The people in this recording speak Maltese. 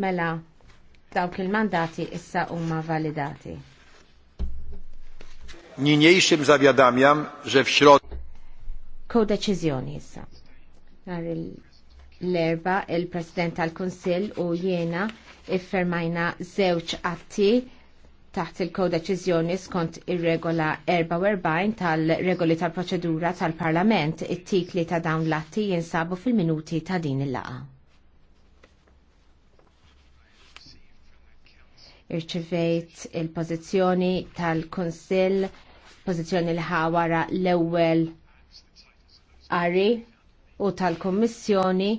Mela, dawk il-mandati issa huma validati. Niniejszym zawiadamiam, że w środku... Kodeċizjoni issa. Nar l-erba il-President tal-Kunsill u jiena iffermajna żewġ atti taħt il kodeċizjoni skont ir-regola 44 tal-regoli tal-proċedura tal-Parlament it-tikli ta' dawn l-atti jinsabu fil-minuti ta' din il-laqa. irċivejt il-pozizjoni tal-Konsil, pozizjoni li ħawara l-ewwel qari u tal-Kommissjoni